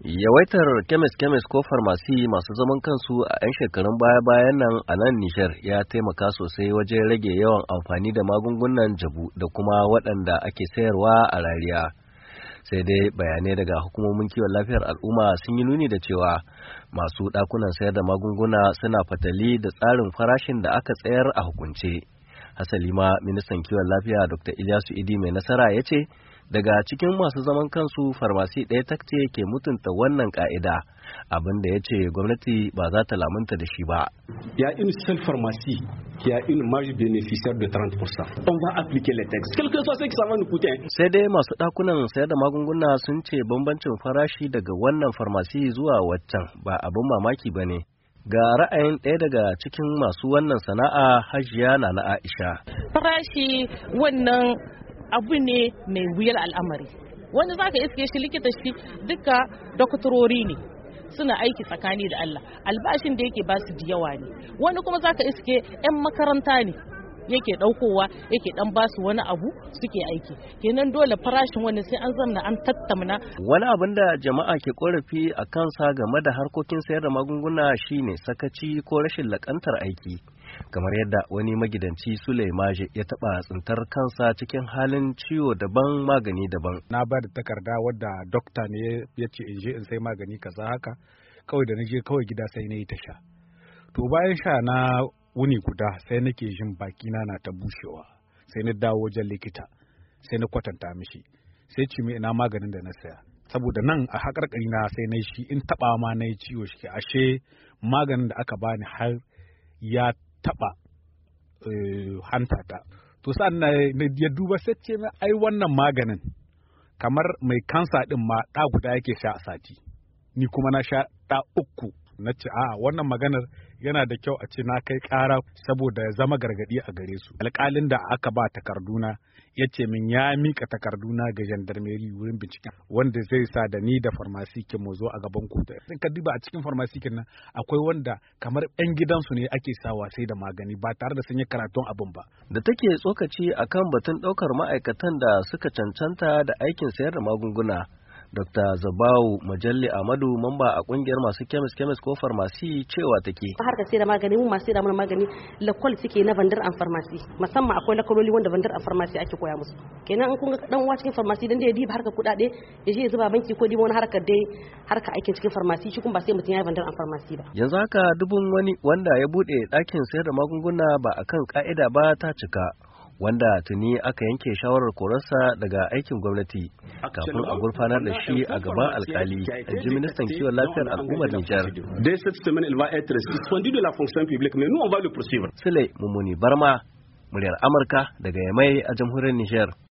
Yawaitar kemis-kemis ko farmasi masu zaman kansu a 'yan shekarun baya-bayan nan a nan Nijar ya taimaka sosai wajen rage yawan amfani da magungunan jabu da kuma waɗanda ake sayarwa a rariya. Sai dai bayanai daga hukumomin kiwon lafiyar al'umma sun yi nuni da cewa masu ɗakunan sayar da magunguna suna fatali da tsarin farashin da aka tsayar a hukunce. asali ma ministan kiwon lafiya dr ilyasu idi mai nasara ya ce daga cikin masu zaman kansu farmasi ɗaya takce ke mutunta wannan ka'ida abin da ya ce gwamnati ba za ta lamunta da shi ba ya in sel farmasi ya in marge bénéficiaire de 30%. On va appliquer les textes. Quel soit ce que ça va nous Sai dai masu ɗakunan sayar da magunguna sun ce bambancin farashi daga wannan farmasi zuwa waccan ba abin mamaki ba ne. ga ra'ayin ɗaya daga cikin masu wannan sana'a hajiya na na aisha farashi wannan abu ne mai wuyar al'amari wani zaka iske shi likita shi duka doktorori ne suna aiki tsakani da Allah albashin da yake basu da yawa ne wani kuma zaka iske 'yan makaranta ne yake ɗaukowa yake ɗan basu wani abu suke aiki kenan dole farashin wani sai an zamna an tattamna wani abin da jama'a ke korafi a kansa game da harkokin sayar da magunguna shine sakaci ko rashin lakantar aiki kamar yadda wani magidanci Sulaimaje ya taɓa tsintar kansa cikin halin ciwo daban magani daban. Na ba da takarda wadda dokta ne ya ce in je in sai magani kaza haka kawai da na je kawai gida sai na yi ta sha. To bayan sha na wuni guda sai nake jin bakina na ta bushewa sai na dawo wajen likita sai na kwatanta mishi sai ce mai ina maganin da na saya saboda nan a haƙarƙari na sai na shi in taba ma na yi ciwo shi ashe maganin da aka bani har ya taɓa eh, hanta ta to sa'an na ya duba sai ce mai ai wannan maganin kamar mai kansa ɗin ma ɗa guda yake sha a sati ni kuma na sha ɗa uku na ce a wannan maganar yana da kyau a ce na kai kara saboda ya zama gargaɗi a gare su alƙalin da aka ba takarduna ya ce min ya mika takarduna ga jandarmeri wurin binciken wanda zai sa da ni da farmasikin mu zo a gaban kotu sun ka duba a cikin farmasikin nan akwai wanda kamar yan gidansu ne ake sawa sai da magani ba tare da sun yi karatun abin ba da take tsokaci akan batun ɗaukar ma'aikatan da suka cancanta da aikin sayar da magunguna Dr. Zabawu Majalli Amadu mamba a kungiyar masu kemis kemis ko farmasi cewa take. Har ka sai da magani mun masu da mana magani lakwal suke na vendor an farmasi musamman akwai lakwaloli wanda vendor an farmasi ake koya musu. Kenan in kun ga dan uwa cikin farmasi dan da ya diba harka kuɗaɗe ya je zuba banki ko diba wani harka dai harka aikin cikin farmasi shi kun ba sai mutun ya vendor bandar an farmasi ba. Yanzu haka dubun wani wanda ya buɗe dakin sayar da magunguna ba akan ka'ida ba ta cika wanda tuni aka yanke shawarar korarsa daga aikin gwamnati kafin a gurfanar da shi a gaban alkali ji ministan kiwon lafiyar al'ummar Nijar. Sule Mummuni Barma, muryar Amurka daga Yamai a jamhuriyar Nijar.